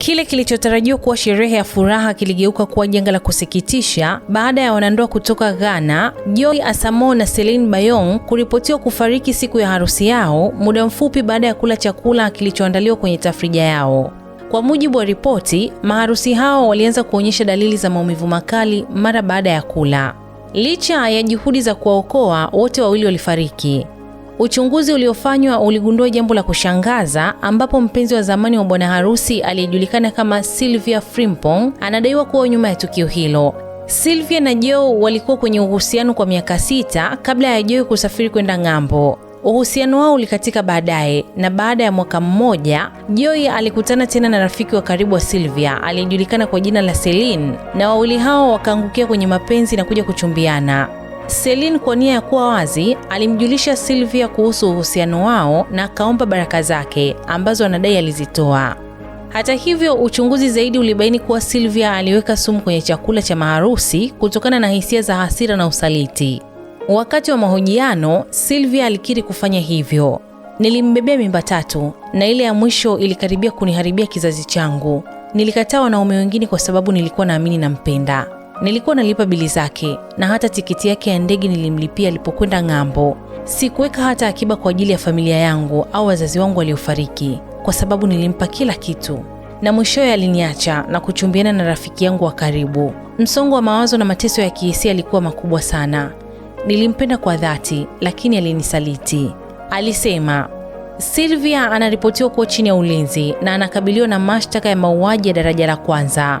Kile kilichotarajiwa kuwa sherehe ya furaha kiligeuka kuwa janga la kusikitisha baada ya wanandoa kutoka Ghana, Joy Asamo na Celine Bayong kuripotiwa kufariki siku ya harusi yao, muda mfupi baada ya kula chakula kilichoandaliwa kwenye tafrija yao. Kwa mujibu wa ripoti, maharusi hao walianza kuonyesha dalili za maumivu makali mara baada ya kula. Licha ya juhudi za kuwaokoa, wote wawili walifariki. Uchunguzi uliofanywa uligundua jambo la kushangaza ambapo mpenzi wa zamani wa bwana harusi aliyejulikana kama Sylvia Frimpong anadaiwa kuwa nyuma ya tukio hilo. Sylvia na Joe walikuwa kwenye uhusiano kwa miaka sita kabla ya Joe kusafiri kwenda ng'ambo. Uhusiano wao ulikatika baadaye na baada ya mwaka mmoja, Joy alikutana tena na rafiki wa karibu wa Sylvia aliyejulikana kwa jina la Celine na wawili hao wakaangukia kwenye mapenzi na kuja kuchumbiana. Celine kwa nia ya kuwa wazi alimjulisha Sylvia kuhusu uhusiano wao na akaomba baraka zake ambazo anadai alizitoa. Hata hivyo, uchunguzi zaidi ulibaini kuwa Sylvia aliweka sumu kwenye chakula cha maharusi kutokana na hisia za hasira na usaliti. Wakati wa mahojiano, Sylvia alikiri kufanya hivyo. Nilimbebea mimba tatu na ile ya mwisho ilikaribia kuniharibia kizazi changu. Nilikataa wanaume wengine kwa sababu nilikuwa naamini nampenda. Nilikuwa nalipa bili zake na hata tiketi yake ya ndege nilimlipia alipokwenda ng'ambo. Sikuweka hata akiba kwa ajili ya familia yangu au wazazi wangu waliofariki, kwa sababu nilimpa kila kitu, na mwishowe aliniacha na kuchumbiana na rafiki yangu wa karibu. Msongo wa mawazo na mateso ya kihisia alikuwa makubwa sana. Nilimpenda kwa dhati, lakini alinisaliti. Alisema Silvia anaripotiwa kuwa chini ya ulinzi na anakabiliwa na mashtaka ya mauaji ya daraja la kwanza.